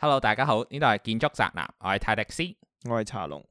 Hello，大家好，呢度係建築宅男，我係泰迪斯，我係茶龍。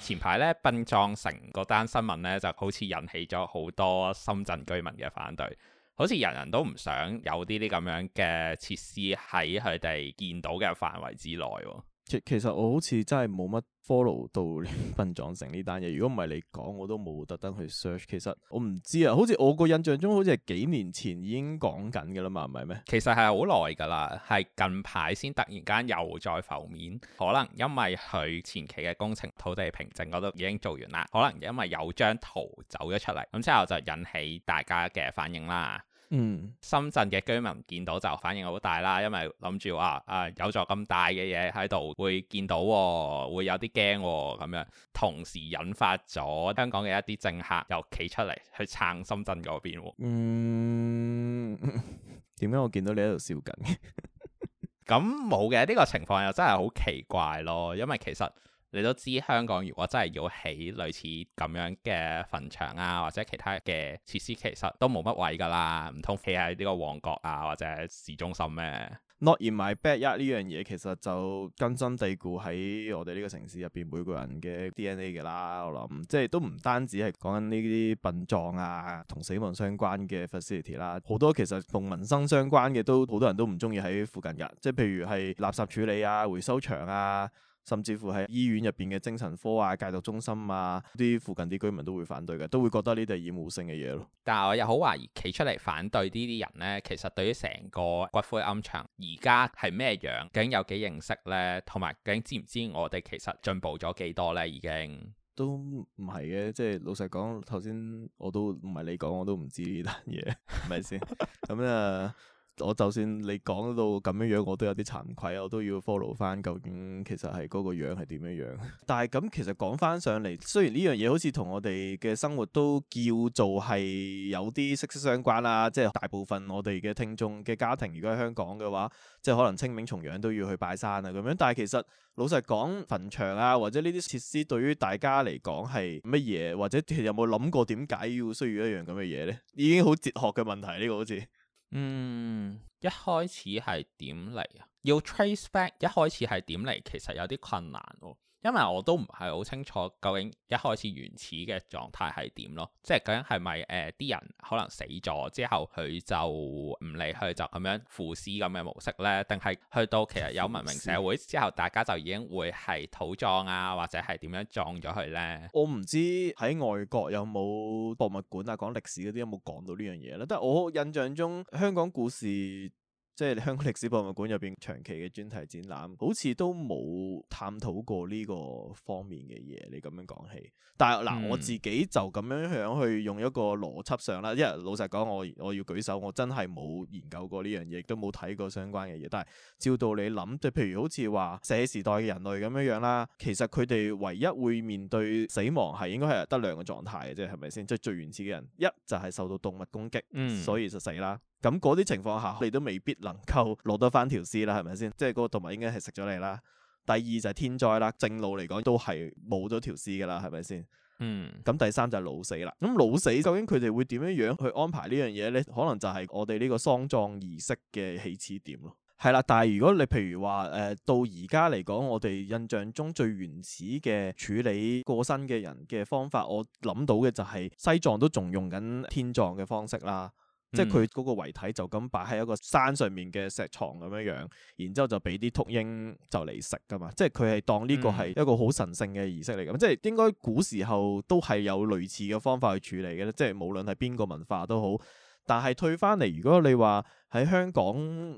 前排咧，殯葬城嗰單新聞咧，就好似引起咗好多深圳居民嘅反對。好似人人都唔想有啲啲咁樣嘅設施喺佢哋見到嘅範圍之內喎、哦。其實我好似真係冇乜 follow 到殯葬城呢單嘢。如果唔係你講，我都冇特登去 search。其實我唔知啊，好似我個印象中，好似係幾年前已經講緊㗎啦嘛，唔係咩？其實係好耐㗎啦，係近排先突然間又再浮面。可能因為佢前期嘅工程、土地平整嗰都已經做完啦，可能因為有張圖走咗出嚟，咁之後就引起大家嘅反應啦。嗯，深圳嘅居民見到就反應好大啦，因為諗住話啊有座咁大嘅嘢喺度會見到，哦，會有啲驚喎咁樣，同時引發咗香港嘅一啲政客又企出嚟去撐深圳嗰邊。嗯，點解我見到你喺度笑緊嘅？咁冇嘅，呢個情況又真係好奇怪咯，因為其實。你都知香港如果真係要起類似咁樣嘅墳場啊，或者其他嘅設施，其實都冇乜位㗎啦，唔通企喺呢個旺角啊，或者市中心咩？啊？Not in my back yard 呢樣嘢其實就根深蒂固喺我哋呢個城市入邊每個人嘅 DNA 㗎啦。我諗即係都唔單止係講緊呢啲殯葬啊，同死亡相關嘅 facility 啦，好多其實同民生相關嘅都好多人都唔中意喺附近㗎。即係譬如係垃圾處理啊、回收場啊。甚至乎喺醫院入邊嘅精神科啊、戒毒中心啊，啲附近啲居民都會反對嘅，都會覺得呢啲係厭惡性嘅嘢咯。但係我又好懷疑企出嚟反對呢啲人呢，其實對於成個骨灰龕場而家係咩樣，究竟有幾認識呢？同埋究竟知唔知我哋其實進步咗幾多呢？已經都唔係嘅，即係老實講，頭先我都唔係你講，我都唔知呢單嘢，係咪先？咁咧。 我就算你講到咁樣樣，我都有啲慚愧，我都要 follow 翻。究竟其實係嗰個樣係點樣樣？ 但係咁，其實講翻上嚟，雖然呢樣嘢好似同我哋嘅生活都叫做係有啲息息相關啦。即係大部分我哋嘅聽眾嘅家庭，如果喺香港嘅話，即係可能清明重陽都要去拜山啊咁樣。但係其實老實講，墳場啊或者呢啲設施對於大家嚟講係乜嘢？或者有冇諗過點解要需要一樣咁嘅嘢咧？已經好哲學嘅問題，呢個好似。嗯，一開始係點嚟啊？要 trace back，一開始係點嚟？其實有啲困難喎。因為我都唔係好清楚究竟一開始原始嘅狀態係點咯，即係究竟係咪誒啲人可能死咗之後佢就唔理佢就咁樣腐屍咁嘅模式咧，定係去到其實有文明社會之後，大家就已經會係土葬啊或者係點樣葬咗佢咧？我唔知喺外國有冇博物館啊講歷史嗰啲有冇講到呢樣嘢咧？但係我印象中香港故事。即係香港歷史博物館入邊長期嘅專題展覽，好似都冇探討過呢個方面嘅嘢。你咁樣講起，但係嗱，我自己就咁樣樣去用一個邏輯上啦。因為老實講，我我要舉手，我真係冇研究過呢樣嘢，亦都冇睇過相關嘅嘢。但係照道理諗，即譬如好似話石器時代嘅人類咁樣樣啦，其實佢哋唯一會面對死亡係應該係得兩個狀態嘅啫，係咪先？即係最原始嘅人，一就係受到動物攻擊，所以就死啦。嗯咁嗰啲情況下，你都未必能夠攞得翻條屍啦，係咪先？即係嗰個動物應該係食咗你啦。第二就係天災啦，正路嚟講都係冇咗條屍噶啦，係咪先？嗯。咁第三就係老死啦。咁老死究竟佢哋會點樣樣去安排呢樣嘢呢？可能就係我哋呢個喪葬儀式嘅起始點咯。係啦，但係如果你譬如話誒、呃，到而家嚟講，我哋印象中最原始嘅處理過身嘅人嘅方法，我諗到嘅就係西藏都仲用緊天葬嘅方式啦。即係佢嗰個遺體就咁擺喺一個山上面嘅石床咁樣樣，然之後就俾啲禿鷹就嚟食噶嘛，即係佢係當呢個係一個好神聖嘅儀式嚟咁，嗯，即係應該古時候都係有類似嘅方法去處理嘅咧，即係無論係邊個文化都好。但係退翻嚟，如果你話喺香港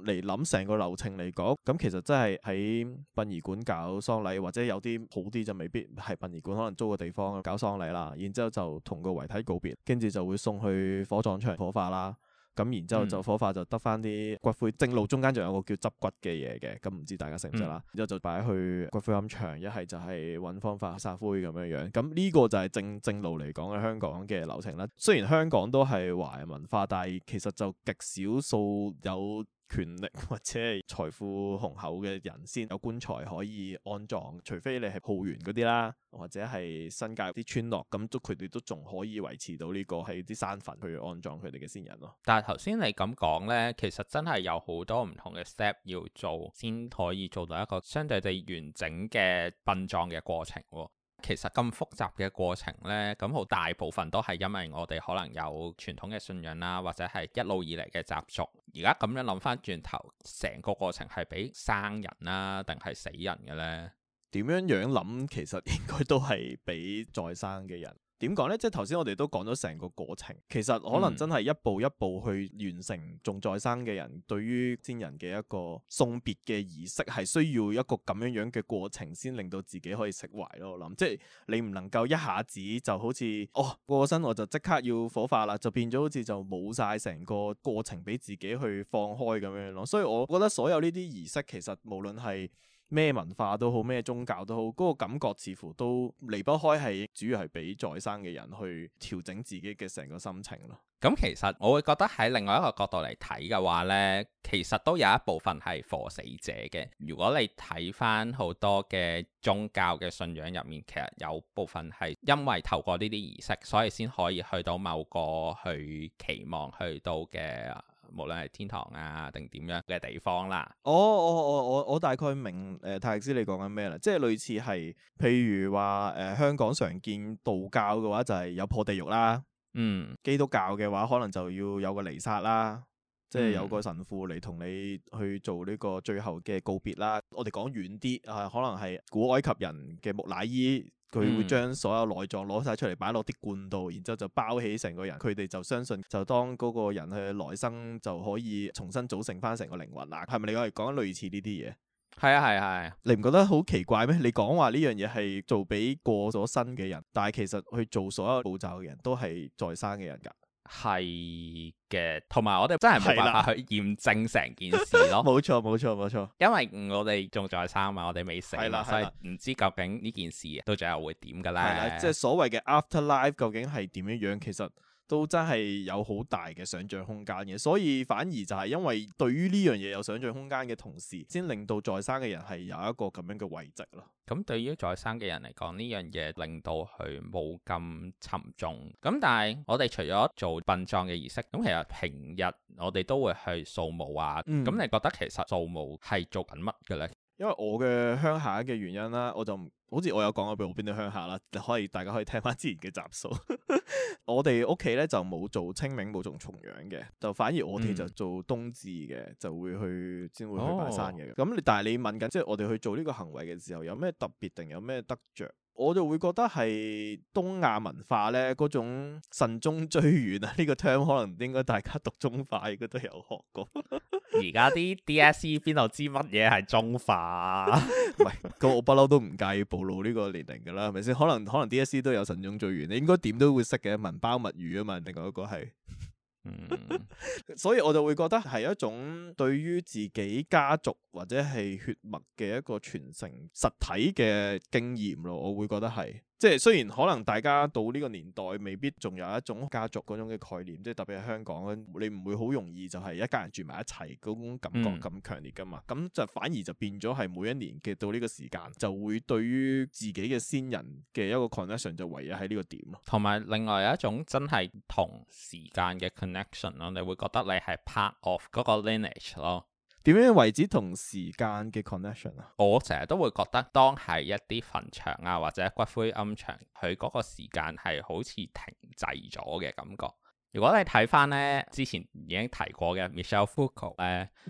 嚟諗成個流程嚟講，咁其實真係喺殯儀館搞喪禮，或者有啲好啲就未必係殯儀館，可能租個地方搞喪禮啦，然之後就同個遺體告別，跟住就會送去火葬場火化啦。咁然之後就火化就得翻啲骨灰，正路中間仲有個叫執骨嘅嘢嘅，咁唔知大家識唔識啦？然之、嗯、後就擺去骨灰龕場，一係就係揾方法撒灰咁樣樣。咁呢個就係正正路嚟講嘅香港嘅流程啦。雖然香港都係華人文化，但係其實就極少數有權力或者係財富雄厚嘅人先有棺材可以安葬，除非你係埔園嗰啲啦，或者係新界啲村落咁，都佢哋都仲可以維持到呢個係啲山墳去安葬佢哋嘅先人咯。但係頭先你咁講呢，其實真係有好多唔同嘅 step 要做，先可以做到一個相對地完整嘅殯葬嘅過程喎。其實咁複雜嘅過程呢，咁好大部分都係因為我哋可能有傳統嘅信仰啦，或者係一路以嚟嘅習俗。而家咁樣諗翻轉頭，成個過程係俾生人啦，定係死人嘅呢？點樣樣諗？其實應該都係俾在生嘅人。點講呢？即係頭先我哋都講咗成個過程，其實可能真係一步一步去完成，仲在生嘅人對於先人嘅一個送別嘅儀式，係需要一個咁樣樣嘅過程，先令到自己可以釋懷咯。我諗即係你唔能夠一下子就好似哦過身，我就即刻要火化啦，就變咗好似就冇晒成個過程俾自己去放開咁樣咯。所以我覺得所有呢啲儀式，其實無論係咩文化都好，咩宗教都好，嗰個感覺似乎都離不開，係主要係俾在生嘅人去調整自己嘅成個心情咯。咁其實我會覺得喺另外一個角度嚟睇嘅話咧，其實都有一部分係火死者嘅。如果你睇翻好多嘅宗教嘅信仰入面，其實有部分係因為透過呢啲儀式，所以先可以去到某個去期望去到嘅。無論係天堂啊定點樣嘅地方啦，啊，哦，我我我我大概明泰、呃、太歷斯你講緊咩啦，即係類似係譬如話誒、呃，香港常見道教嘅話就係有破地獄啦，嗯，基督教嘅話可能就要有個彌撒啦，嗯、即係有個神父嚟同你去做呢個最後嘅告別啦。我哋講遠啲啊，可能係古埃及人嘅木乃伊。佢會將所有內臟攞晒出嚟擺落啲罐度，然之後就包起成個人。佢哋就相信，就當嗰個人嘅來生就可以重新組成翻成個靈魂，是是啊？係咪、啊啊、你講係講緊類似呢啲嘢？係啊係係。你唔覺得好奇怪咩？你講話呢樣嘢係做俾過咗身嘅人，但係其實去做所有步驟嘅人都係在生嘅人㗎。係嘅，同埋我哋真係冇辦法去驗證成件事咯。冇錯， 冇錯，冇錯，因為我哋仲在生嘛、啊，我哋未死，係啦，所以唔知究竟呢件事到最後會點噶啦。即係、就是、所謂嘅 after life，究竟係點樣樣？其實。都真係有好大嘅想像空間嘅，所以反而就係因為對於呢樣嘢有想像空間嘅同時，先令到在生嘅人係有一個咁樣嘅位置咯。咁對於在生嘅人嚟講，呢樣嘢令到佢冇咁沉重。咁但係我哋除咗做殯葬嘅儀式，咁其實平日我哋都會去掃墓啊。咁、嗯、你覺得其實掃墓係做緊乜嘅呢？因為我嘅鄉下嘅原因啦，我就唔好似我有講過俾我邊啲鄉下啦，可以大家可以聽翻之前嘅集數。 我哋屋企咧就冇做清明，冇做重陽嘅，就反而我哋就做冬至嘅，就會去先會去拜山嘅。咁、哦、但係你問緊，即係我哋去做呢個行為嘅時候，有咩特別定有咩得着？我就會覺得係東亞文化咧嗰種慎終追遠啊，呢、這個 term 可能應該大家讀中化應該都有學過。而家啲 DSE 邊度知乜嘢係中化，啊？喂， 唔係、那個、我不嬲都唔介意暴露呢個年齡㗎啦，係咪先？可能可能 DSE 都有慎終追遠，你應該點都會識嘅，文包物語啊嘛，另外一個係。 所以我就會覺得係一種對於自己家族或者係血脈嘅一個傳承實體嘅經驗咯，我會覺得係。即係雖然可能大家到呢個年代未必仲有一種家族嗰種嘅概念，即係特別係香港，你唔會好容易就係一家人住埋一齊嗰種感覺咁強烈㗎嘛。咁、嗯、就反而就變咗係每一年嘅到呢個時間，就會對於自己嘅先人嘅一個 connection 就圍繞喺呢個點咯。同埋另外有一種真係同時間嘅 connection 咯，你會覺得你係 part of 嗰個 lineage 咯。點樣位置同時間嘅 connection 啊？我成日都會覺得，當係一啲墳場啊，或者骨灰龕場，佢嗰個時間係好似停滯咗嘅感覺。如果你睇翻咧，之前已經提過嘅 Michelle Foucault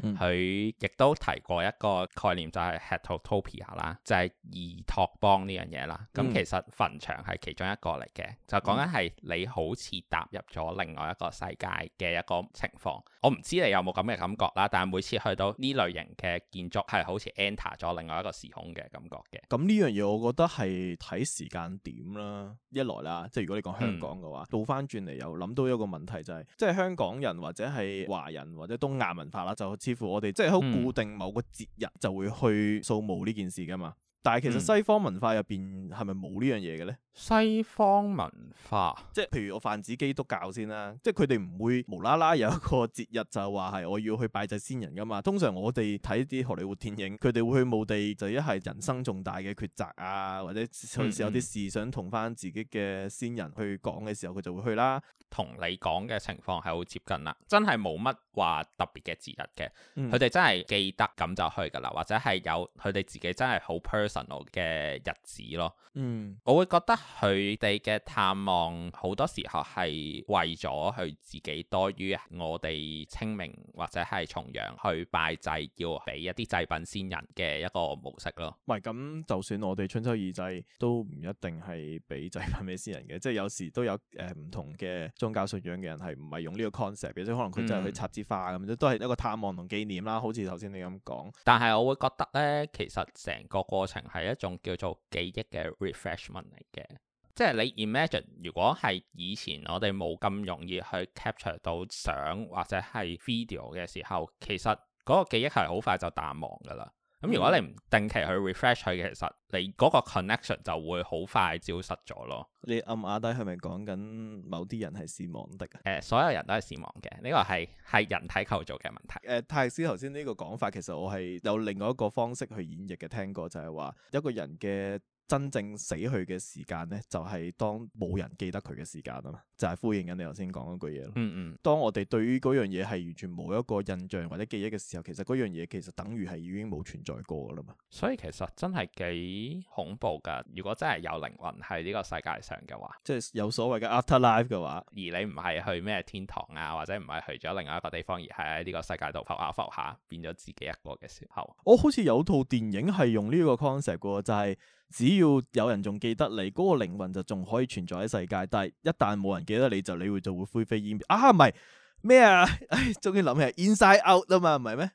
佢亦都、嗯、提過一個概念就係 Heterotopia 啦，就係異托邦呢樣嘢啦。咁、嗯、其實墳場係其中一個嚟嘅，就講緊係你好似踏入咗另外一個世界嘅一個情況。嗯、我唔知你有冇咁嘅感覺啦，但係每次去到呢類型嘅建築，係好似 enter 咗另外一個時空嘅感覺嘅。咁呢樣嘢我覺得係睇時間點啦，一來啦，即係如果你講香港嘅話，倒翻轉嚟又諗到一個。問題就係、是，即係香港人或者係華人或者東亞文化啦，就似乎我哋即係好固定某個節日就會去掃墓呢件事噶嘛。但係其實西方文化入邊係咪冇呢樣嘢嘅咧？西方文化，即係譬如我泛指基督教先啦，即係佢哋唔會無啦啦有一個節日就話係我要去拜祭先人噶嘛。通常我哋睇啲荷里活電影，佢哋會去墓地就一係人生重大嘅抉擇啊，或者有時有啲事想同翻自己嘅先人去講嘅時候，佢、嗯嗯、就會去啦。同你講嘅情況係好接近啦，真係冇乜話特別嘅節日嘅，佢哋、嗯、真係記得咁就去㗎啦，或者係有佢哋自己真係好 personal 嘅日子咯。嗯，我會覺得佢哋嘅探望好多時候係為咗佢自己多於我哋清明或者係重陽去拜祭，要俾一啲祭品先人嘅一個模式咯。唔係咁，就算我哋春秋二祭都唔一定係俾祭品俾先人嘅，即係有時都有誒、呃、唔同嘅。宗教信仰嘅人係唔係用呢個 concept 嘅，即可能佢真係去插枝花咁，即、嗯、都係一個探望同紀念啦。好似頭先你咁講，但係我會覺得咧，其實成個過程係一種叫做記憶嘅 refreshment 嚟嘅。即係你 imagine，如果係以前我哋冇咁容易去 capture 到相或者係 video 嘅時候，其實嗰個記憶係好快就淡忘㗎啦。咁如果你唔定期去 refresh 佢，其實你嗰個 connection 就會好快消失咗咯。你暗啞底係咪講緊某啲人係善忘的？誒、呃，所有人都係善忘嘅，呢、這個係係人體構造嘅問題。誒、呃，泰斯頭先呢個講法，其實我係有另外一個方式去演繹嘅，聽過就係話，一個人嘅真正死去嘅時間咧，就係、是、當冇人記得佢嘅時間啊嘛。就係呼應緊你頭先講嗰句嘢咯。嗯嗯。當我哋對於嗰樣嘢係完全冇一個印象或者記憶嘅時候，其實嗰樣嘢其實等於係已經冇存在過啦嘛。所以其實真係幾恐怖㗎。如果真係有靈魂喺呢個世界上嘅話，即係有所謂嘅 after life 嘅話，而你唔係去咩天堂啊，或者唔係去咗另外一個地方，而係喺呢個世界度浮下浮下，變咗自己一個嘅時候，我好似有套電影係用呢個 concept 㗎，就係只要有人仲記得你嗰個靈魂就仲可以存在喺世界，但係一旦冇人，記得你就你會就會灰飛煙滅啊？唔係咩啊？唉，終於諗起 Inside Out 啊嘛，唔係咩？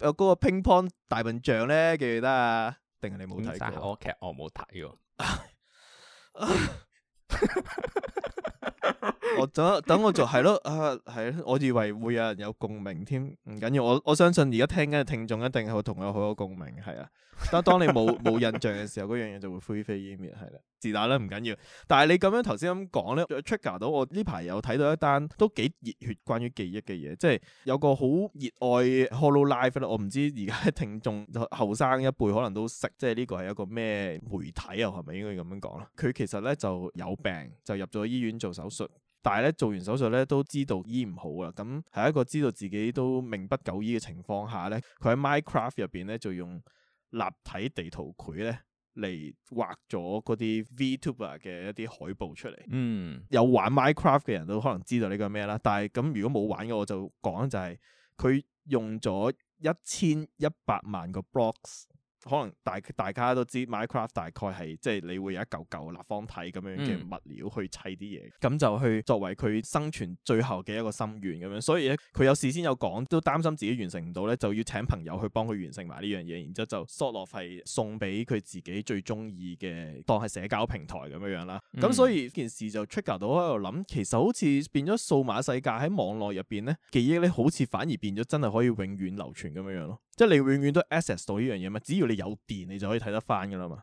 有嗰個乒乓大笨象咧記得啊？定係你冇睇？我劇我冇睇喎。我等等我就係咯啊，係啊！我以為會有人有共鳴添，唔緊要。我我相信而家聽緊嘅聽眾一定係同我有好多共鳴，係啊。但當你冇冇印象嘅時候，嗰樣嘢就會灰飛煙滅，係啦。自大啦，唔緊要。但係你咁樣頭先咁講咧，trigger 到我呢排有睇到一單都幾熱血關於記憶嘅嘢，即係有個好熱愛 Hololive 我唔知而家聽眾後生一輩可能都識，即係呢個係一個咩媒體啊？係咪應該咁樣講啦？佢其實咧就有病，就入咗醫院做手術，但係咧做完手術咧都知道醫唔好啦。咁係一個知道自己都命不久矣嘅情況下咧，佢喺 Minecraft 入邊咧就用立體地圖繪咧。嚟畫咗嗰啲 VTuber 嘅一啲海報出嚟，嗯，有玩 Minecraft 嘅人都可能知道呢個咩啦，但係咁如果冇玩嘅我就講就係、是、佢用咗一千一百萬個 blocks。可能大大家都知，Minecraft 大概係即係你會有一嚿嚿立方體咁樣嘅物料去砌啲嘢，咁、嗯、就去作為佢生存最後嘅一個心願咁樣。所以咧，佢有事先有講，都擔心自己完成唔到咧，就要請朋友去幫佢完成埋呢樣嘢，然之後就索落係送俾佢自己最中意嘅，當係社交平台咁樣樣啦。咁、嗯、所以件事就 trigger 到喺度諗，其實好似變咗數碼世界喺網絡入邊咧，記憶咧好似反而變咗真係可以永遠流傳咁樣樣咯。即係你永遠都 access 到呢樣嘢嘛，只要你有電，你就可以睇得返㗎喇嘛。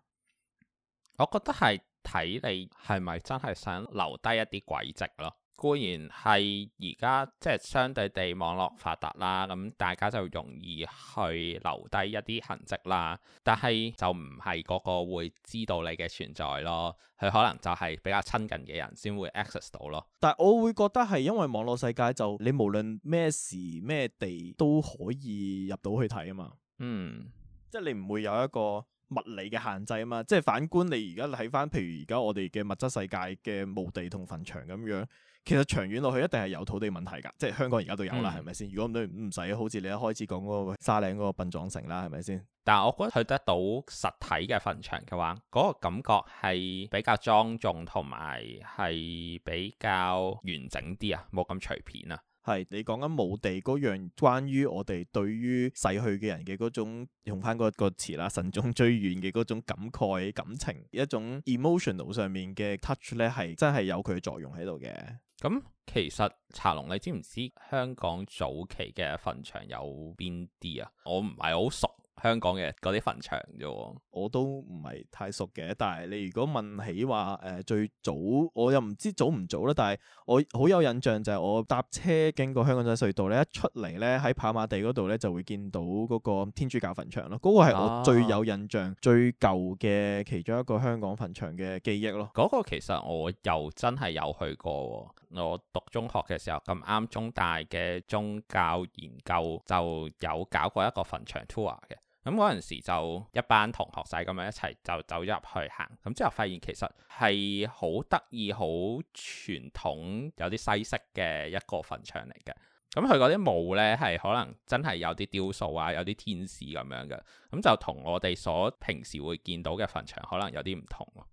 我覺得係睇你係咪真係想留低一啲軌跡咯。固然係而家即係相對地網絡發達啦，咁大家就容易去留低一啲痕跡啦。但係就唔係個個會知道你嘅存在咯，佢可能就係比較親近嘅人先會 access 到咯。但係我會覺得係因為網絡世界就你無論咩時咩地都可以入到去睇啊嘛。嗯，即係你唔會有一個物理嘅限制啊嘛。即係反觀你而家睇返，譬如而家我哋嘅物質世界嘅墓地同墳場咁樣。其實長遠落去一定係有土地問題噶，即係香港而家都有啦，係咪先？如果唔唔使好似你一開始講嗰個沙嶺嗰個殯葬城啦，係咪先？但係我覺得佢得到實體嘅墳場嘅話，嗰個感覺係比較莊重，同埋係比較完整啲啊，冇咁隨便啊。係你講緊墓地嗰樣關於我哋對於逝去嘅人嘅嗰種用翻嗰個詞啦，慎終追遠嘅嗰種感慨感情，一種 emotional 上面嘅 touch 咧，係真係有佢嘅作用喺度嘅。咁其實茶龍，你知唔知香港早期嘅墳場有邊啲啊？我唔係好熟香港嘅嗰啲墳場啫，我都唔係太熟嘅。但係你如果問起話，誒、呃，最早我又唔知早唔早啦，但係我好有印象就係我搭車經過香港仔隧道咧，一出嚟咧喺跑馬地嗰度咧就會見到嗰個天主教墳場咯。嗰、嗰個係我最有印象，啊，最舊嘅其中一個香港墳場嘅記憶咯。嗰個其實我又真係有去過。我讀中學嘅時候咁啱中大嘅宗教研究就有搞過一個墳場 tour 嘅，咁嗰陣時就一班同學仔咁樣一齊就走入去行，咁之後發現其實係好得意、好傳統、有啲西式嘅一個墳場嚟嘅。咁佢嗰啲墓呢，係可能真係有啲雕塑啊，有啲天使咁樣嘅，咁就同我哋所平時會見到嘅墳場可能有啲唔同。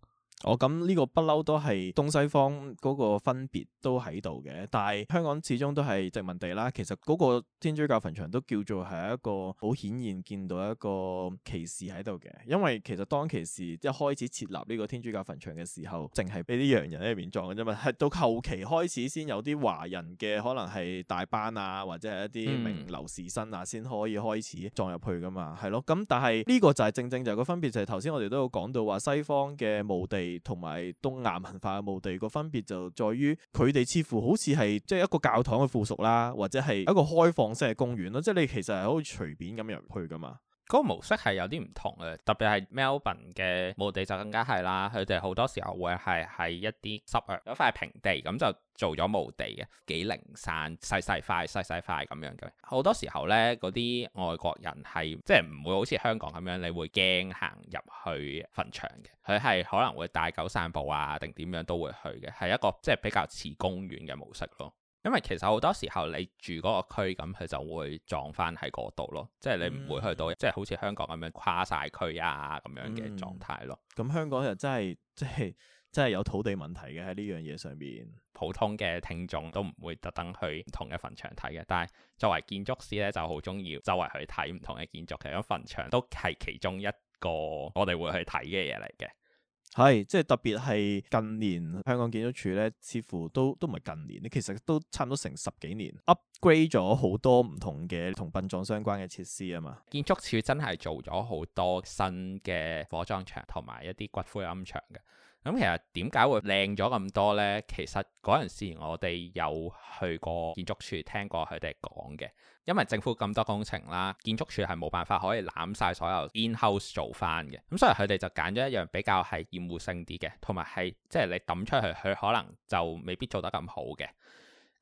我咁呢個不嬲都係東西方嗰個分別都喺度嘅，但係香港始終都係殖民地啦。其實嗰個天主教墳場都叫做係一個好顯然見到一個歧視喺度嘅，因為其實當其時一開始設立呢個天主教墳場嘅時候，淨係俾啲洋人喺入面葬嘅啫嘛，係到後期開始先有啲華人嘅可能係大班啊，或者係一啲名流士紳啊，先、嗯、可以開始葬入去噶嘛，係咯。咁但係呢個就係正正就係個分別，就係頭先我哋都有講到話西方嘅墓地。同埋東亞文化嘅墓地個分別就在於，佢哋似乎好似係即係一個教堂嘅附屬啦，或者係一個開放式嘅公園咯，即係你其實係可以隨便咁入去噶嘛。嗰個模式係有啲唔同嘅，特別係 Melbourne 嘅墓地就更加係啦。佢哋好多時候會係喺一啲濕域，有塊平地咁就做咗墓地嘅，幾零散細細塊細細塊咁樣嘅。好多時候咧，嗰啲外國人係即係唔會好似香港咁樣，你會驚行入去墳場嘅。佢係可能會帶狗散步啊，定點樣都會去嘅，係一個即係比較似公園嘅模式咯。因為其實好多時候你住嗰個區，咁佢就會撞翻喺嗰度咯，即係你唔會去到，即係、嗯、好似香港咁樣跨晒區啊咁樣嘅狀態咯。咁、嗯嗯嗯、香港又真係，即係真係有土地問題嘅喺呢樣嘢上面，普通嘅聽眾都唔會特登去同一墳場睇嘅，但係作為建築師咧就好中意周圍去睇唔同嘅建築，其實墳場都係其中一個我哋會去睇嘅嘢嚟嘅。係，即係特別係近年香港建築署咧，似乎都都唔係近年，其實都差唔多成十幾年 upgrade 咗好多唔同嘅同殯葬相關嘅設施啊嘛。建築署真係做咗好多新嘅火葬場同埋一啲骨灰龕場嘅。咁其實點解會靚咗咁多咧？其實嗰陣時我哋有去過建築署，聽過佢哋講嘅。因為政府咁多工程啦，建築署係冇辦法可以攬晒所有 in-house 做翻嘅，咁所以佢哋就揀咗一樣比較係厭惡性啲嘅，同埋係即係你抌出去，佢可能就未必做得咁好嘅，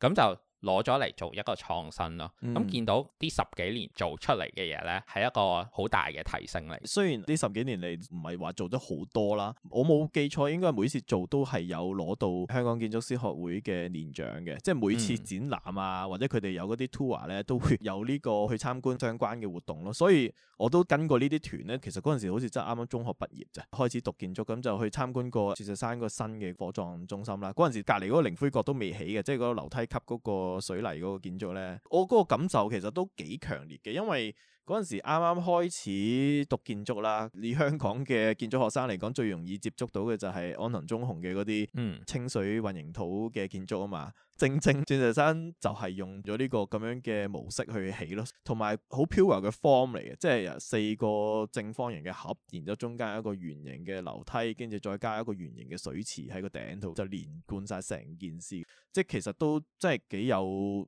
咁就。攞咗嚟做一個創新咯，咁、嗯、見到呢十幾年做出嚟嘅嘢咧，係一個好大嘅提升嚟。雖然呢十幾年嚟唔係話做得好多啦，我冇記錯應該每次做都係有攞到香港建築師學會嘅年獎嘅，即係每次展覽啊，嗯、或者佢哋有嗰啲 tour 咧，都會有呢個去參觀相關嘅活動咯。所以我都跟過團呢啲團咧，其實嗰陣時好似真係啱啱中學畢業啫，開始讀建築咁就去參觀過鑽石山個新嘅火葬中心啦。嗰陣時隔離嗰個靈灰閣都未起嘅，即係嗰個樓梯級嗰、那個。水泥嗰個建築咧，我嗰個感受其實都幾強烈嘅，因為嗰陣時啱啱開始讀建築啦。以香港嘅建築學生嚟講，最容易接觸到嘅就係安藤忠雄嘅嗰啲清水混凝土嘅建築啊嘛。正正鑽石山就係用咗呢個咁樣嘅模式去起咯，同埋好 pure 嘅 form 嚟嘅，即係四個正方形嘅盒，然之後中間有一個圓形嘅樓梯，跟住再加一個圓形嘅水池喺個頂度，就連貫晒成件事。即係其實都真係幾有，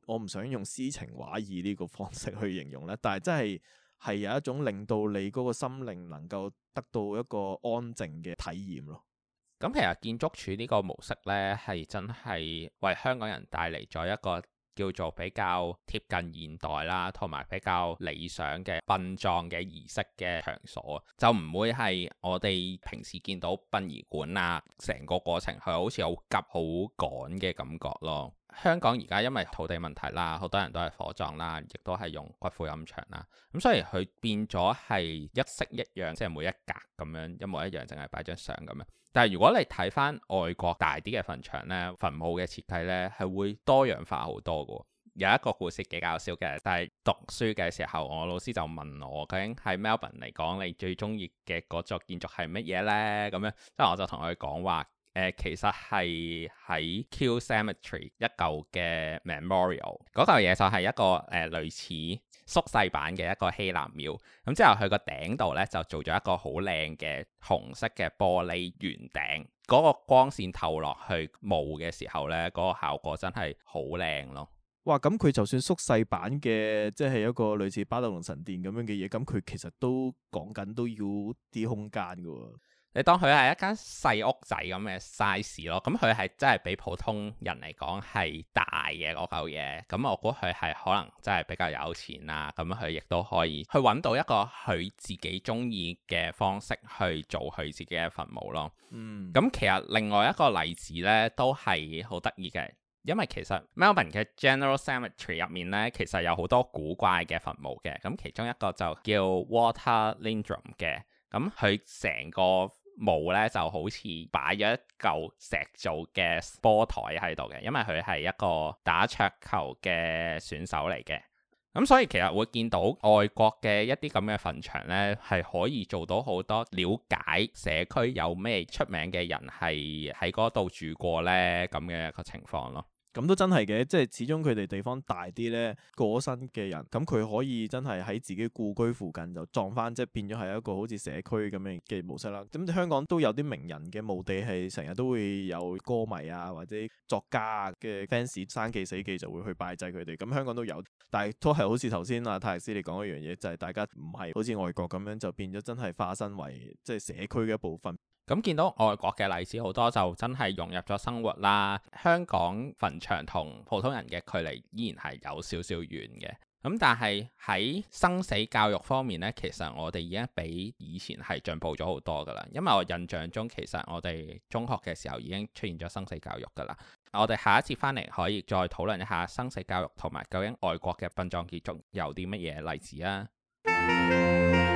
我唔想用詩情畫意呢個方式去形容咧，但係真係係有一種令到你嗰個心靈能夠得到一個安靜嘅體驗咯。咁其實建築署呢個模式呢，係真係為香港人帶嚟咗一個叫做比較貼近現代啦，同埋比較理想嘅殯葬嘅儀式嘅場所，就唔會係我哋平時見到殯儀館啊，成個過程佢好似好急好趕嘅感覺咯。香港而家因為土地問題啦，好多人都係火葬啦，亦都係用骨灰龕場啦，咁所以佢變咗係一式一樣，即係每一格咁樣一模一樣，淨係擺張相咁樣。但係如果你睇翻外國大啲嘅墳場咧，墳墓嘅設計咧係會多樣化好多嘅。有一個故事幾搞笑嘅，但、就、係、是、讀書嘅時候，我老師就問我，究竟喺 Melbourne 嚟講，你最中意嘅嗰座建築係乜嘢咧？咁樣，之後我就同佢講話，誒、呃，其實係喺 Kew Cemetery 一嚿嘅 Memorial 嗰嚿嘢就係一個誒、呃、類似。縮細版嘅一個希臘廟，咁之後佢個頂度呢，就做咗一個好靚嘅紅色嘅玻璃圓頂，嗰、那個光線透落去霧嘅時候呢，嗰、那個效果真係好靚咯。哇！咁佢就算縮細版嘅，即係一個類似巴特農神殿咁樣嘅嘢，咁佢其實都講緊都要啲空間嘅喎、哦。你當佢係一間細屋仔咁嘅 size 咯，咁佢係真係比普通人嚟講係大嘅嗰嚿嘢，咁我估佢係可能真係比較有錢啊，咁佢亦都可以去揾到一個佢自己中意嘅方式去做佢自己嘅墳墓咯。嗯，咁其實另外一個例子呢，都係好得意嘅，因為其實 Melbourne 嘅 General Cemetery 入面呢，其實有好多古怪嘅墳墓嘅，咁其中一個就叫 Water Lindrum 嘅，咁佢成個，冇咧，就好似擺咗一嚿石做嘅波台喺度嘅，因為佢係一個打桌球嘅選手嚟嘅，咁所以其實會見到外國嘅一啲咁嘅墳場咧，係可以做到好多了解社區有咩出名嘅人係喺嗰度住過呢咁嘅一個情況咯。咁都真係嘅，即係始終佢哋地方大啲呢，過身嘅人，咁佢可以真係喺自己故居附近就葬返，即係變咗係一個好似社區咁樣嘅模式啦。咁香港都有啲名人嘅墓地係成日都會有歌迷啊或者作家嘅 fans 生忌死忌就會去拜祭佢哋，咁香港都有，但係都係好似頭先阿泰斯你講一樣嘢，就係、是、大家唔係好似外國咁樣就變咗真係化身為即係社區嘅一部分。咁見到外國嘅例子好多，就真係融入咗生活啦。香港墳場同普通人嘅距離依然係有少少遠嘅。咁但係喺生死教育方面呢，其實我哋已經比以前係進步咗好多㗎喇。因為我印象中，其實我哋中學嘅時候已經出現咗生死教育㗎喇。我哋下一次返嚟可以再討論一下生死教育同埋究竟外國嘅殯葬結綜有啲乜嘢例子啊。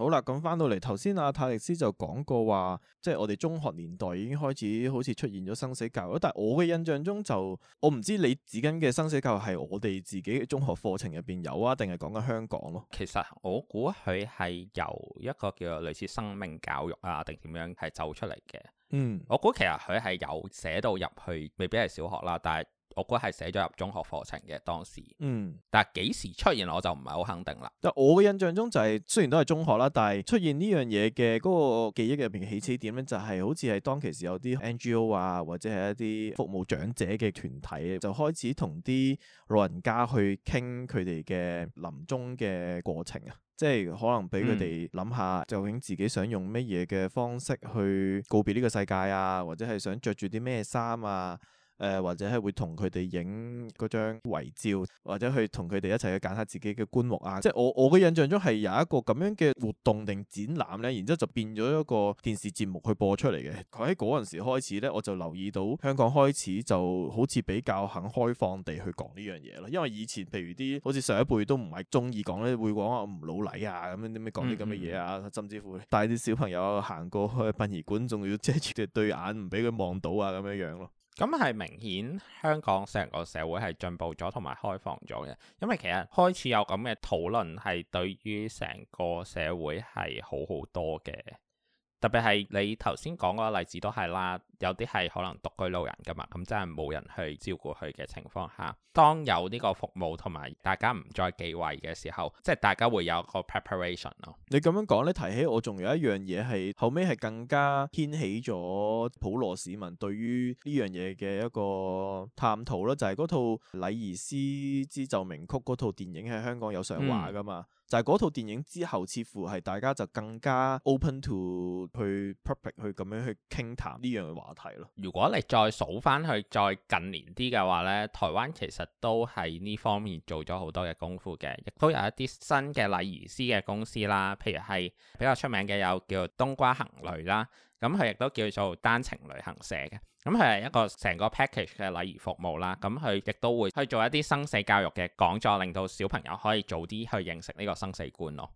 好啦，咁翻到嚟，頭先阿泰力斯就講過話，即係我哋中學年代已經開始好似出現咗生死教育，但係我嘅印象中就，我唔知你指緊嘅生死教育係我哋自己嘅中學課程入邊有啊，定係講緊香港咯啊？其實我估佢係由一個叫做類似生命教育啊，定點樣係走出嚟嘅。嗯，我估其實佢係有寫到入去，未必係小學啦，但係。我估係寫咗入中學課程嘅當時，嗯，但係幾時出現我就唔係好肯定啦。但我嘅印象中就係、是、雖然都係中學啦，但係出現呢樣嘢嘅嗰個記憶入邊嘅起始點咧，就係、是、好似係當其時有啲 NGO 啊，或者係一啲服務長者嘅團體，就開始同啲老人家去傾佢哋嘅臨終嘅過程啊，即、就、係、是、可能俾佢哋諗下、嗯、究竟自己想用乜嘢嘅方式去告別呢個世界啊，或者係想着住啲咩衫啊。誒、呃、或者係會同佢哋影嗰張遺照，或者去同佢哋一齊去揀下自己嘅棺木啊！即係我我嘅印象中係有一個咁樣嘅活動定展覽咧，然之後就變咗一個電視節目去播出嚟嘅。佢喺嗰陣時開始咧，我就留意到香港開始就好似比較肯開放地去講呢樣嘢咯。因為以前譬如啲好似上一輩都唔係中意講咧，會講話唔老禮啊咁樣，啲咩講啲咁嘅嘢啊，甚至乎帶啲小朋友行過去殯儀館，仲要遮住對眼唔俾佢望到啊咁樣樣咯。咁係明顯，香港成個社會係進步咗同埋開放咗嘅，因為其實開始有咁嘅討論係對於成個社會係好好多嘅。特別係你頭先講嗰個例子都係啦，有啲係可能獨居老人噶嘛，咁真係冇人去照顧佢嘅情況下，當有呢個服務同埋大家唔再忌諱嘅時候，即係大家會有個 preparation 咯。你咁樣講咧，提起我仲有一樣嘢係後尾係更加掀起咗普羅市民對於呢樣嘢嘅一個探討啦，就係、是、嗰套《禮儀師之奏鳴曲》嗰套電影喺香港有上畫噶嘛。嗯。就係嗰套電影之後，似乎係大家就更加 open to 去 perfect 去咁樣去傾談呢樣嘅話題咯。如果你再數翻去再近年啲嘅話呢，台灣其實都喺呢方面做咗好多嘅功夫嘅，亦都有一啲新嘅禮儀師嘅公司啦，譬如係比較出名嘅有叫做冬瓜行旅啦。咁佢亦都叫做單程旅行社嘅，咁佢係一個成個 package 嘅禮儀服務啦。咁佢亦都會去做一啲生死教育嘅講座，令到小朋友可以早啲去認識呢個生死觀咯。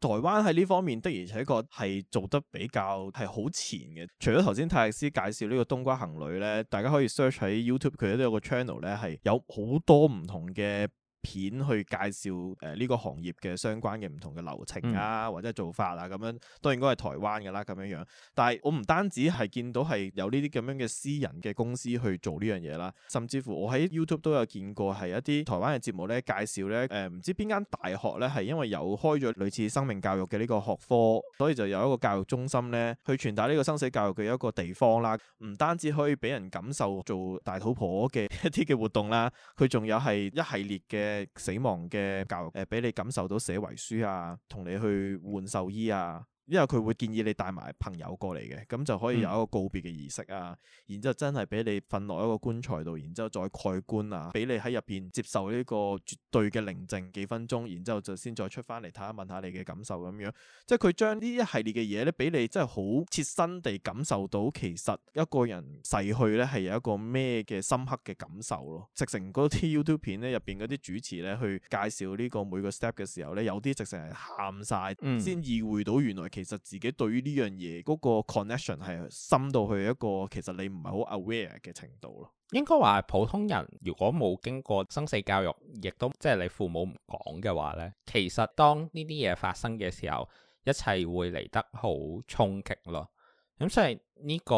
台灣喺呢方面的而且確係做得比較係好前嘅。除咗頭先泰克斯介紹呢個冬瓜行旅咧，大家可以 search 喺 YouTube，佢都有個 channel 咧，係有好多唔同嘅。片去介紹誒呢、呃這個行業嘅相關嘅唔同嘅流程啊，或者做法啊咁樣，當然應該係台灣嘅啦咁樣樣。但係我唔單止係見到係有呢啲咁樣嘅私人嘅公司去做呢樣嘢啦，甚至乎我喺 YouTube 都有見過係一啲台灣嘅節目咧介紹咧誒，唔、呃、知邊間大學咧係因為有開咗類似生命教育嘅呢個學科，所以就有一個教育中心咧去傳達呢個生死教育嘅一個地方啦。唔單止可以俾人感受做大肚婆嘅一啲嘅活動啦，佢仲有係一系列嘅。死亡嘅教育，誒、呃，俾你感受到寫遺書啊，同你去換壽衣啊。因為佢會建議你帶埋朋友過嚟嘅，咁就可以有一個告別嘅儀式啊。然之後真係俾你瞓落一個棺材度，然之後再蓋棺啊，俾你喺入邊接受呢個絕對嘅寧靜幾分鐘，然之後就先再出翻嚟睇下問下你嘅感受咁樣。即係佢將呢一系列嘅嘢咧，俾你真係好切身地感受到，其實一個人逝去咧係有一個咩嘅深刻嘅感受咯。直成嗰啲 YouTube 片咧，入邊嗰啲主持咧去介紹呢個每個 step 嘅時候咧，有啲直成係喊晒，先、嗯、意會到原來。其實自己對於呢樣嘢嗰個 connection 係深到去一個其實你唔係好 aware 嘅程度咯。應該話普通人如果冇經過生死教育，亦都即係你父母唔講嘅話咧，其實當呢啲嘢發生嘅時候，一切會嚟得好衝擊咯。咁所以呢個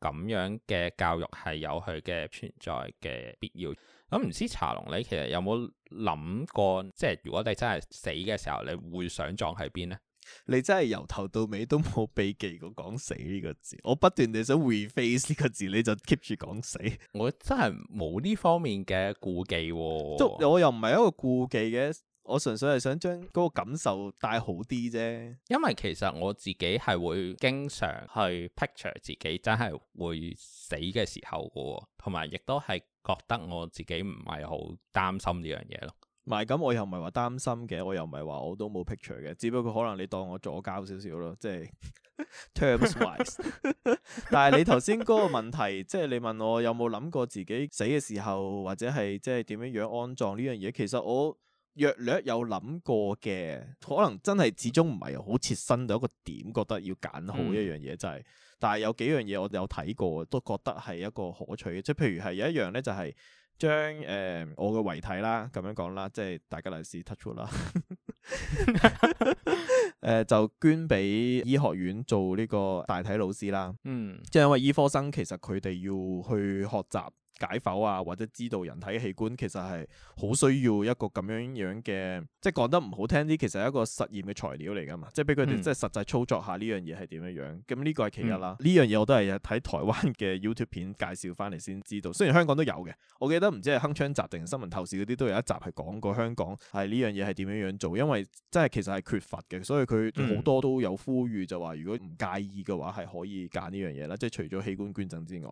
咁樣嘅教育係有佢嘅存在嘅必要。咁唔知茶龍你其實有冇諗過，即係如果你真係死嘅時候，你會想葬喺邊咧？你真係由頭到尾都冇避忌過講死呢個字，我不斷地想 rephrase 呢個字，你就 keep 住講死，我真係冇呢方面嘅顧忌，即我又唔係一個顧忌嘅，我純粹係想將嗰個感受帶好啲啫。因為其實我自己係會經常去 picture 自己真係會死嘅時候嘅，同埋亦都係覺得我自己唔係好擔心呢樣嘢咯。唔係咁，我又唔係話擔心嘅，我又唔係話我都冇 picture 嘅，只不過可能你當我左膠少少咯，即係 terms wise。 但係你頭先嗰個問題，即係 你問我有冇諗過自己死嘅時候，或者係即係點樣樣安葬呢樣嘢？其實我略略有諗過嘅，可能真係始終唔係好切身到一個點，覺得要揀好一樣嘢、嗯、就係、是。但係有幾樣嘢我有睇過，都覺得係一個可取嘅，即係譬如係有一樣咧就係、是。將誒、呃、我嘅遺體啦，咁樣講啦，即係大家嚟試 touch wood 啦，誒、 呃、就捐俾醫學院做呢個大體老師啦。嗯，即係因為醫科生其實佢哋要去學習。解剖啊，或者知道人體器官其實係好需要一個咁樣樣嘅，即係講得唔好聽啲，其實係一個實驗嘅材料嚟噶嘛，即係俾佢哋即係實際操作下呢樣嘢係點樣樣。嗯、咁呢個係其一啦，呢樣嘢我都係睇台灣嘅 YouTube 片介紹翻嚟先知道。雖然香港都有嘅，我記得唔知係鏗鏘集定新聞透視嗰啲都有一集係講過香港係呢樣嘢係點樣樣做，因為真係其實係缺乏嘅，所以佢好多都有呼籲就話，如果唔介意嘅話，係可以揀呢樣嘢啦。即係除咗器官捐贈之外。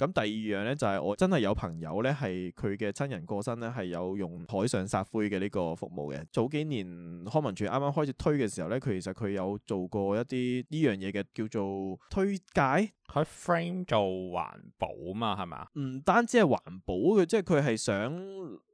咁第二樣咧就係我真係有朋友咧，係佢嘅親人過身咧，係有用海上撒灰嘅呢個服務嘅。早幾年康文署啱啱開始推嘅時候咧，佢其實佢有做過一啲呢樣嘢嘅叫做推介，佢 frame 做環保嘛，係咪？唔單止係環保嘅，即係佢係想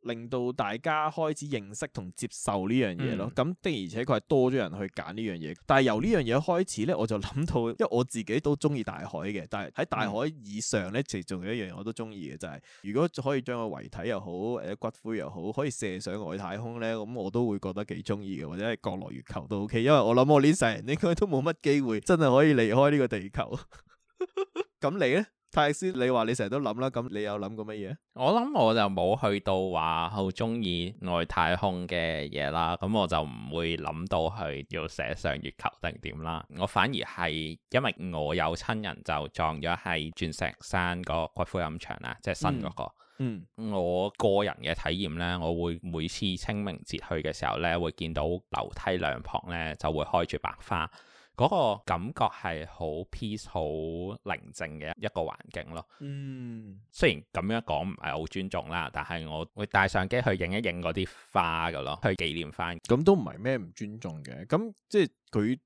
令到大家開始認識同接受呢樣嘢咯，咁、嗯、的而且確係多咗人去揀呢樣嘢。但係由呢樣嘢開始咧，我就諗到，因為我自己都中意大海嘅。但係喺大海以上咧、嗯，其實仲有一樣我都中意嘅，就係如果可以將個遺體又好，誒骨灰又好，可以射上外太空咧，咁我都會覺得幾中意嘅。或者係降落月球都 OK，因為我諗我呢世人應該都冇乜機會真係可以離開呢個地球。咁 你咧？泰師，你話你成日都諗啦，咁你有諗過乜嘢？我諗我就冇去到話好鍾意外太空嘅嘢啦，咁我就唔會諗到去要寫上月球定點啦。我反而係因為我有親人就葬咗喺鑽石山個骨灰龕場啦，即係新嗰個嗯。嗯，我個人嘅體驗咧，我會每次清明節去嘅時候咧，會見到樓梯兩旁咧就會開住白花。嗰個感覺係好 peace、好寧靜嘅一個環境咯。嗯，雖然咁樣講唔係好尊重啦，但係我會帶相機去影一影嗰啲花㗎咯，去紀念翻。咁、嗯嗯、都唔係咩唔尊重嘅。咁即係佢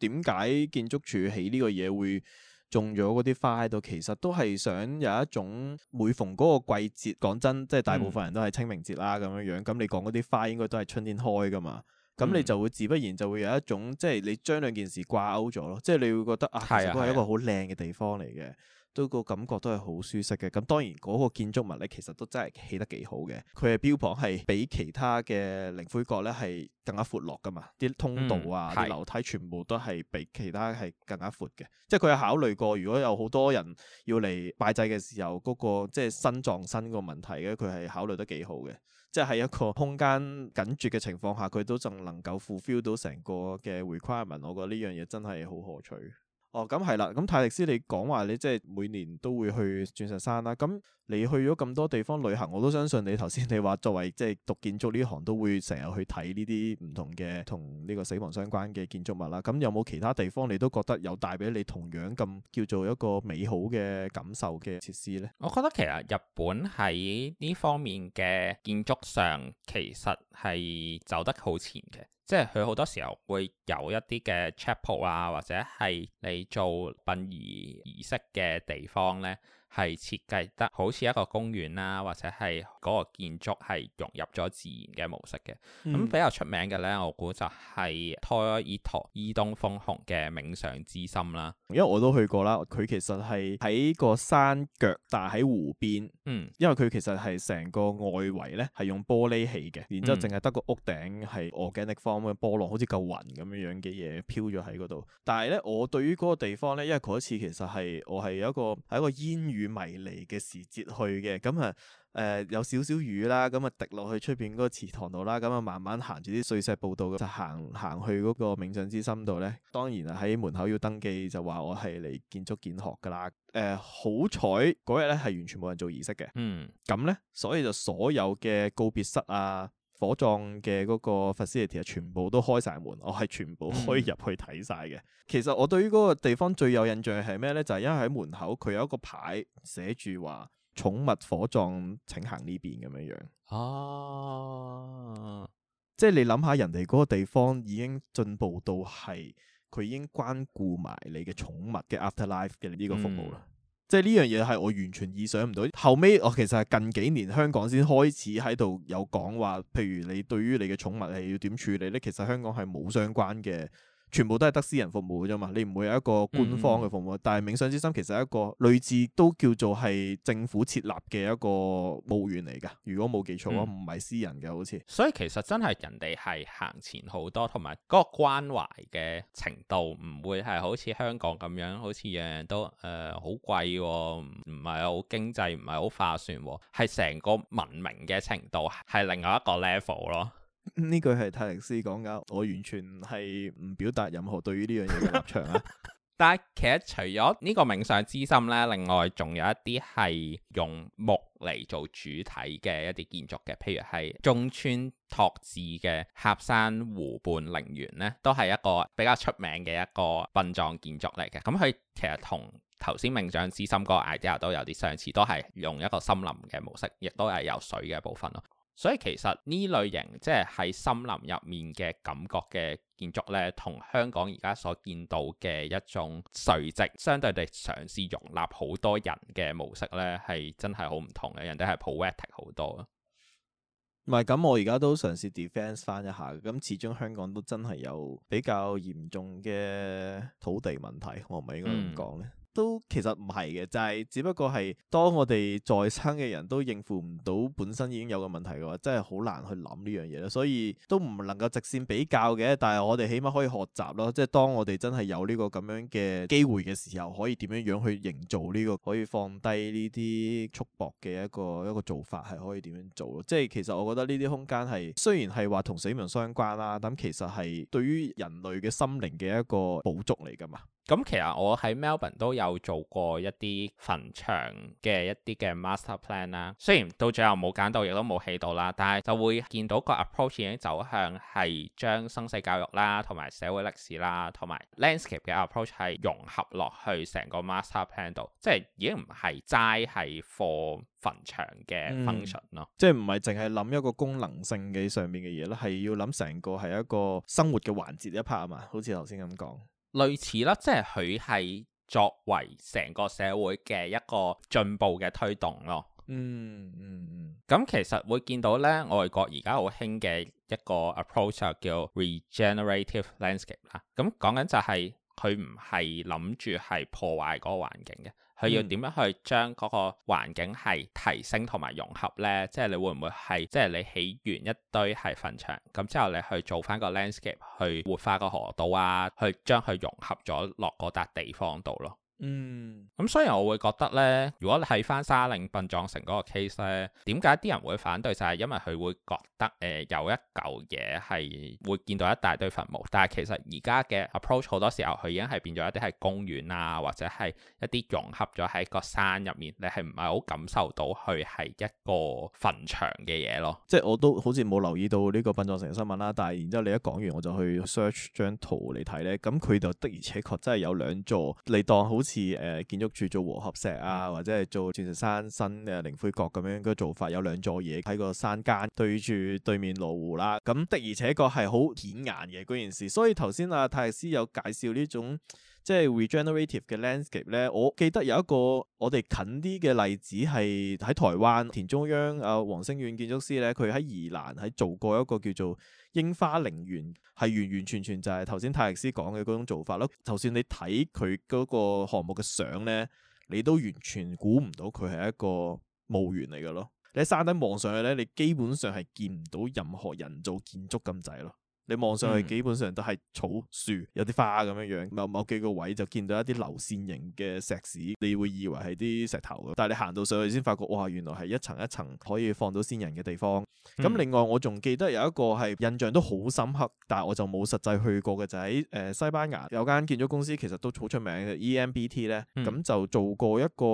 點解建築署起呢個嘢會種咗嗰啲花喺度？其實都係想有一種每逢嗰個季節，講真，即係大部分人都係清明節啦咁樣、嗯、樣。咁你講嗰啲花應該都係春天開噶嘛？咁你就會自不然就會有一種、嗯、即係你將兩件事掛鈎咗咯，嗯、即係你會覺得啊，其實都係一個好靚嘅地方嚟嘅。都個感覺都係好舒適嘅，咁當然嗰個建築物咧其實都真係起得幾好嘅，佢嘅標榜係比其他嘅靈灰閣咧係更加闊落噶嘛，啲通道啊、啲樓、嗯、梯全部都係比其他係更加闊嘅，即係佢有考慮過如果有好多人要嚟拜祭嘅時候，嗰、嗰個即係新葬身個問題咧，佢係考慮得幾好嘅，即係喺一個空間緊絕嘅情況下，佢都仲能夠 fulfill 到成個嘅 requirement，我覺得呢樣嘢真係好可取。哦，咁係啦，咁泰迪斯你講話，你即係每年都會去鑽石山啦，咁。你去咗咁多地方旅行，我都相信你頭先你話作為即係、就是、讀建築呢行，都會成日去睇呢啲唔同嘅、同呢個死亡相關嘅建築物啦。咁有冇其他地方你都覺得有帶俾你同樣咁叫做一個美好嘅感受嘅設施咧？我覺得其實日本喺呢方面嘅建築上，其實，係走得好前嘅，即係佢好多時候會有一啲嘅 chapel 啊，或者係你做殯儀儀式嘅地方咧。係設計得好似一個公園啦，或者係嗰個建築係融入咗自然嘅模式嘅。咁、嗯嗯、比較出名嘅咧，我估就係托爾托伊東豐雄嘅冥想之森啦。因為我都去過啦，佢其實係喺個山腳，但係喺湖邊。嗯，因為佢其實係成個外圍咧係用玻璃起嘅，然之後淨係得個屋頂係 organic form 嘅波浪，嗯、好似嚿雲咁樣樣嘅嘢飄咗喺嗰度。但係咧，我對於嗰個地方咧，因為嗰次其實係我係有一個喺一個煙雨，迷離嘅時節去嘅，咁、呃、啊，誒有少少雨啦，咁啊滴落去出邊嗰個池塘度啦，咁啊慢慢行住啲碎石步道就行行去嗰個冥想之森度咧。當然啊喺門口要登記，就話我係嚟建築建學噶啦。誒、呃、好彩嗰日咧係完全冇人做儀式嘅。嗯，咁咧所以就所有嘅告別室啊。火葬嘅嗰個 facility 啊，全部都開晒門，我係全部可以入去睇晒嘅。其實我對於嗰個地方最有印象係咩呢？就係因為喺門口佢有一個牌寫住話，寵物火葬請行呢邊咁樣樣。啊，即係你諗下，人哋嗰個地方已經進步到係佢已經關顧埋你嘅寵物嘅 after life 嘅呢個服務啦、嗯。即係呢樣嘢係我完全意想唔到。後尾我其實係近幾年香港先開始喺度有講話，譬如你對於你嘅寵物係要點處理呢？其實香港係冇相關嘅。全部都係得私人服務嘅啫嘛，你唔會有一個官方嘅服務。嗯、但係冥想之森其實一個類似都叫做係政府設立嘅一個墓園嚟㗎。如果冇記錯，唔係、嗯、私人嘅好似。所以其實真係人哋係行前好多，同埋嗰個關懷嘅程度唔會係好似香港咁樣，好似樣樣都誒好貴喎，唔係好經濟，唔係好化算喎、哦，係成個文明嘅程度係另外一個 level 咯。呢句係泰歷斯講噶，我完全係唔表達任何對於呢樣嘢嘅立場啊！ 但係其實除咗呢個冥想之森咧，另外仲有一啲係用木嚟做主體嘅一啲建築嘅，譬如係中村拓志嘅狹山湖畔陵園咧，都係一個比較出名嘅一個殯葬建築嚟嘅。咁佢其實同頭先冥想之森嗰個 idea 都有啲相似，都係用一個森林嘅模式，亦都係有水嘅部分咯。所以其實呢類型即係喺森林入面嘅感覺嘅建築咧，同香港而家所見到嘅一種垂直相對地嘗試容納好多人嘅模式咧，係真係好唔同嘅。人哋係 poetic 好多啊。唔係咁，我而家都嘗試 defense 翻一下咁始終香港都真係有比較嚴重嘅土地問題，我唔係應該咁講咧。都其實唔係嘅，就係只不過係當我哋在生嘅人都應付唔到本身已經有嘅問題嘅話，真係好難去諗呢樣嘢咯。所以都唔能夠直線比較嘅，但係我哋起碼可以學習咯。即係當我哋真係有呢個咁樣嘅機會嘅時候，可以點樣樣去營造呢個可以放低呢啲束縛嘅一個一個做法，係可以點樣做咯？即係其實我覺得呢啲空間係雖然係話同死亡相關啦，咁其實係對於人類嘅心靈嘅一個補足嚟噶嘛。咁其實我喺 Melbourne 都有做過一啲墳場嘅一啲嘅 master plan 啦，雖然到最後冇揀到，亦都冇起到啦，但係就會見到個 approach 已經走向係將生死教育啦，同埋社會歷史啦，同埋 landscape 嘅 approach 係融合落去成個 master plan 度，即係已經唔係齋係 for 墳場嘅 function 咯。嗯，即係唔係淨係諗一個功能性嘅上面嘅嘢啦，係要諗成個係一個生活嘅環節一 part 啊嘛，好似頭先咁講。類似啦，即係佢係作為成個社會嘅一個進步嘅推動咯。嗯嗯嗯，咁、嗯、其實會見到咧，外國而家好興嘅一個 approach 就叫 regenerative landscape 啦。咁講緊就係佢唔係諗住係破壞嗰個環境嘅。佢要點樣去將嗰個環境係提升同埋融合咧？即係你會唔會係即係你起完一堆係墳場，咁之後你去做翻個 landscape 去活化個河道啊，去將佢融合咗落嗰笪地方度咯？嗯，咁所以我會覺得咧，如果你喺翻沙嶺殯葬城嗰個 case 咧，點解啲人會反對就係、是、因為佢會覺得誒、呃、有一嚿嘢係會見到一大堆墳墓，但係其實而家嘅 approach 好多時候佢已經係變咗一啲係公園啊，或者係一啲融合咗喺個山入面，你係唔係好感受到佢係一個墳場嘅嘢咯？即係我都好似冇留意到呢個殯葬城新聞啦，但係然之後你一講完我就去 search 張圖嚟睇咧，咁佢就的而且確真係有兩座你當好。似誒、呃，建築署做和合石啊，或者係做鑽石山新誒、呃、靈灰閣咁樣嗰做法，有兩座嘢喺個山間對住對面羅湖啦。咁的而且確係好顯眼嘅嗰件事。所以頭先阿泰斯有介紹呢種。即係 regenerative 嘅 landscape 咧，我記得有一個我哋近啲嘅例子係喺台灣田中央啊，黃聲遠建築師咧，佢喺宜蘭喺做過一個叫做櫻花陵園，係完完全全就係頭先泰迪斯講嘅嗰種做法咯。就算你睇佢嗰個項目嘅相咧，你都完全估唔到佢係一個墓園嚟嘅咯。你喺山底望上去咧，你基本上係見唔到任何人造建築咁滯咯。你望上去基本上都係草樹，有啲花咁樣樣，某某幾個位就見到一啲流線型嘅石屎，你會以為係啲石頭嘅。但係你行到上去先發覺，哇！原來係一層一層可以放到先人嘅地方。咁、嗯、另外我仲記得有一個係印象都好深刻，但係我就冇實際去過嘅，就喺、是、誒、呃、西班牙有間建築公司其實都好出名嘅 EMBT 咧。咁、就是嗯、就做過一個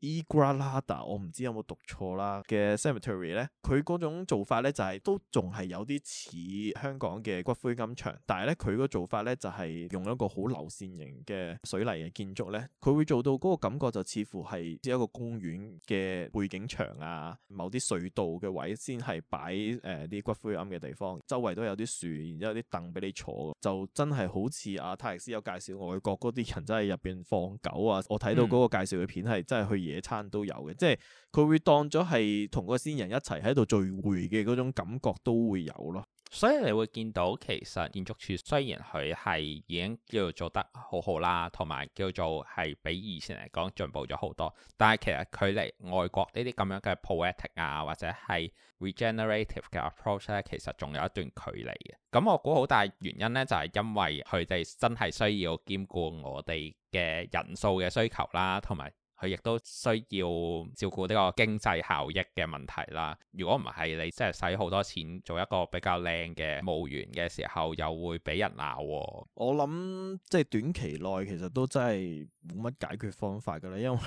Igualada，我唔知有冇讀錯啦嘅 Cemetery 咧。佢嗰種做法咧就係、是、都仲係有啲似香港嘅。骨灰龕牆，但係咧佢個做法咧就係、是、用一個好流線型嘅水泥嘅建築咧，佢會做到嗰個感覺就似乎係即係一個公園嘅背景牆啊，某啲隧道嘅位先係擺誒啲、呃、骨灰龕嘅地方，周圍都有啲樹，然之後有啲凳俾你坐，就真係好似阿泰斯有介紹外國嗰啲人真係入邊放狗啊，我睇到嗰個介紹嘅片係真係去野餐都有嘅，嗯、即係佢會當咗係同個先人一齊喺度聚會嘅嗰種感覺都會有咯。所以你會見到，其實建築署雖然佢係已經叫做做得好好啦，同埋叫做係比以前嚟講進步咗好多，但係其實距離外國呢啲咁樣嘅 poetic 啊或者係 regenerative 嘅 approach 咧，其實仲有一段距離嘅。咁我估好大原因咧，就係因為佢哋真係需要兼顧我哋嘅人數嘅需求啦，同埋。佢亦都需要照顧呢個經濟效益嘅問題啦。如果唔係，你即係使好多錢做一個比較靚嘅墓園嘅時候，又會俾人鬧喎。我諗即係短期內其實都真係冇乜解決方法㗎啦，因為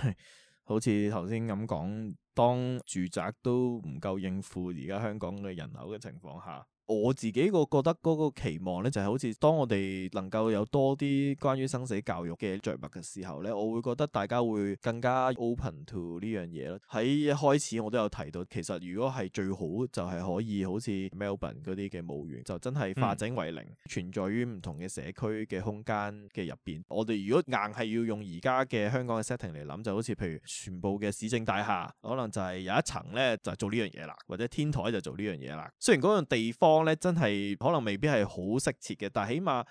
好似頭先咁講，當住宅都唔夠應付而家香港嘅人口嘅情況下。我自己個覺得個期望咧，就係、是，好似當我哋能夠有多啲關於生死教育嘅著物嘅時候咧，我會覺得大家會更加 open to 呢樣嘢咯。喺一開始我都有提到，其實如果係最好就係、是，可以好似 Melbourne 嗰啲嘅墓園，就真係化整為零，嗯、存在於唔同嘅社區嘅空間嘅入邊。我哋如果硬係要用而家嘅香港嘅 setting 嚟諗，就好似譬如全部嘅市政大廈，可能就係有一層咧就做呢樣嘢啦，或者天台就做呢樣嘢啦。雖然嗰樣地方，咧真係可能未必係好適切嘅，但係起碼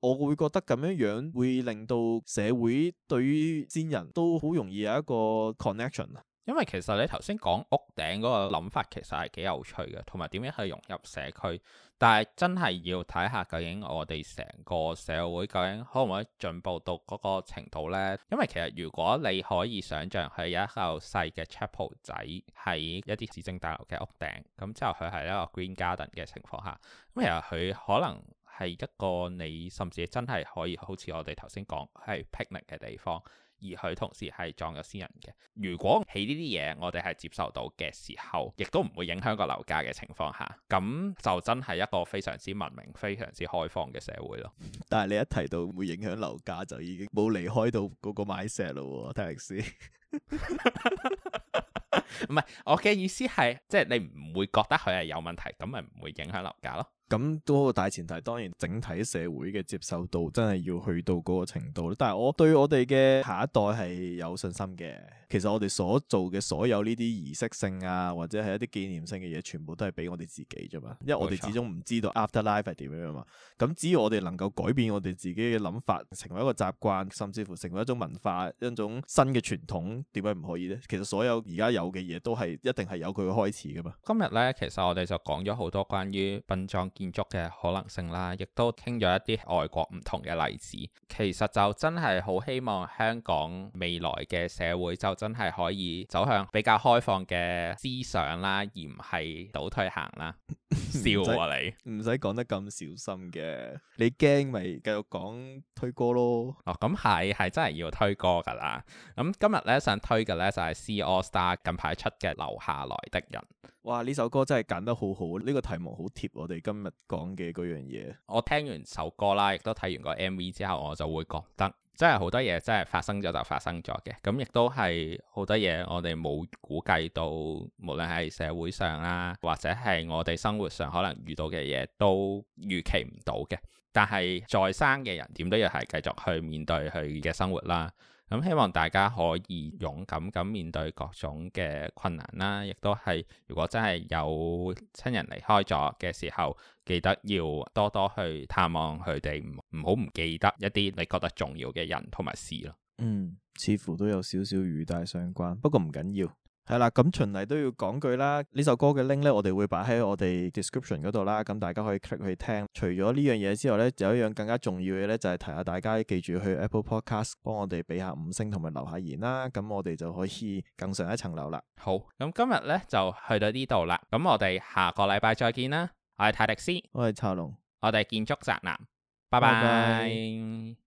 我會覺得咁樣樣會令到社會對於先人都好容易有一個 connection。因為其實你頭先講屋頂嗰個諗法其實係幾有趣嘅，同埋點樣去融入社區，但係真係要睇下究竟我哋成個社會究竟可唔可以進步到嗰個程度呢？因為其實如果你可以想象係有一嚿細嘅 chapel 仔喺一啲市政大樓嘅屋頂，咁之後佢係一個 green garden 嘅情況下，咁其實佢可能係一個你甚至真係可以好似我哋頭先講係 picnic 嘅地方。而佢同時係撞咗私人嘅。如果起呢啲嘢，我哋係接受到嘅時候，亦都唔會影響個樓價嘅情況下，咁就真係一個非常之文明、非常之開放嘅社會咯。但係你一提到會影響樓價，就已經冇離開到嗰個買石咯，睇歷史。 唔係，我嘅意思係，即係你唔會覺得佢係有問題，咁咪唔會影響樓價咯。咁都個大前提，當然整體社會嘅接受度真係要去到嗰個程度。但係我對我哋嘅下一代係有信心嘅。其實我哋所做嘅所有呢啲儀式性啊，或者係一啲紀念性嘅嘢，全部都係俾我哋自己啫嘛。因為我哋始終唔知道 after life 係點樣啊嘛。咁冇錯，只要我哋能夠改變我哋自己嘅諗法，成為一個習慣，甚至乎成為一種文化，一種新嘅傳統，點解唔可以呢？其實所有而家有嘅。嘢都係一定係有佢嘅開始噶嘛。今日咧，其實我哋就講咗好多關於殯葬建築嘅可能性啦，亦都傾咗一啲外國唔同嘅例子。其實就真係好希望香港未來嘅社會就真係可以走向比較開放嘅思想啦，而唔係倒退行啦,。 笑啊你！唔使講得咁小心嘅，你驚咪繼續講推歌咯。哦，咁係係真係要推歌噶啦。咁、嗯、今日咧想推嘅咧就係 C AllStar 近排。出嘅留下來的人，哇！呢首歌真係揀得好好，呢個題目好貼我哋今日講嘅嗰樣嘢。我聽完首歌啦，亦都睇完個 MV 之後，我就會覺得真係好多嘢真係發生咗就發生咗嘅。咁亦都係好多嘢我哋冇估計到，無論係社會上啦，或者係我哋生活上可能遇到嘅嘢都預期唔到嘅。但係在生嘅人點都要係繼續去面對佢嘅生活啦。咁希望大家可以勇敢咁面對各種嘅困難啦，亦都係如果真係有親人離開咗嘅時候，記得要多多去探望佢哋，唔唔好唔記得一啲你覺得重要嘅人同埋事咯。嗯，似乎都有少少語帶相關，不過唔緊要。係啦，咁循例都要講句啦。呢首歌嘅 link 咧，我哋會擺喺我哋 description 嗰度啦，咁大家可以 click 去聽。除咗呢樣嘢之外咧，仲有一樣更加重要嘅咧，就係提下大家記住去 Apple Podcast 幫我哋俾下五星同埋留下言啦，咁我哋就可以更上一層樓啦。好，咁今日咧，就去到呢度啦，咁我哋下個禮拜再見啦。我係泰迪斯，我係查龍，我哋建築宅男，拜拜。Bye bye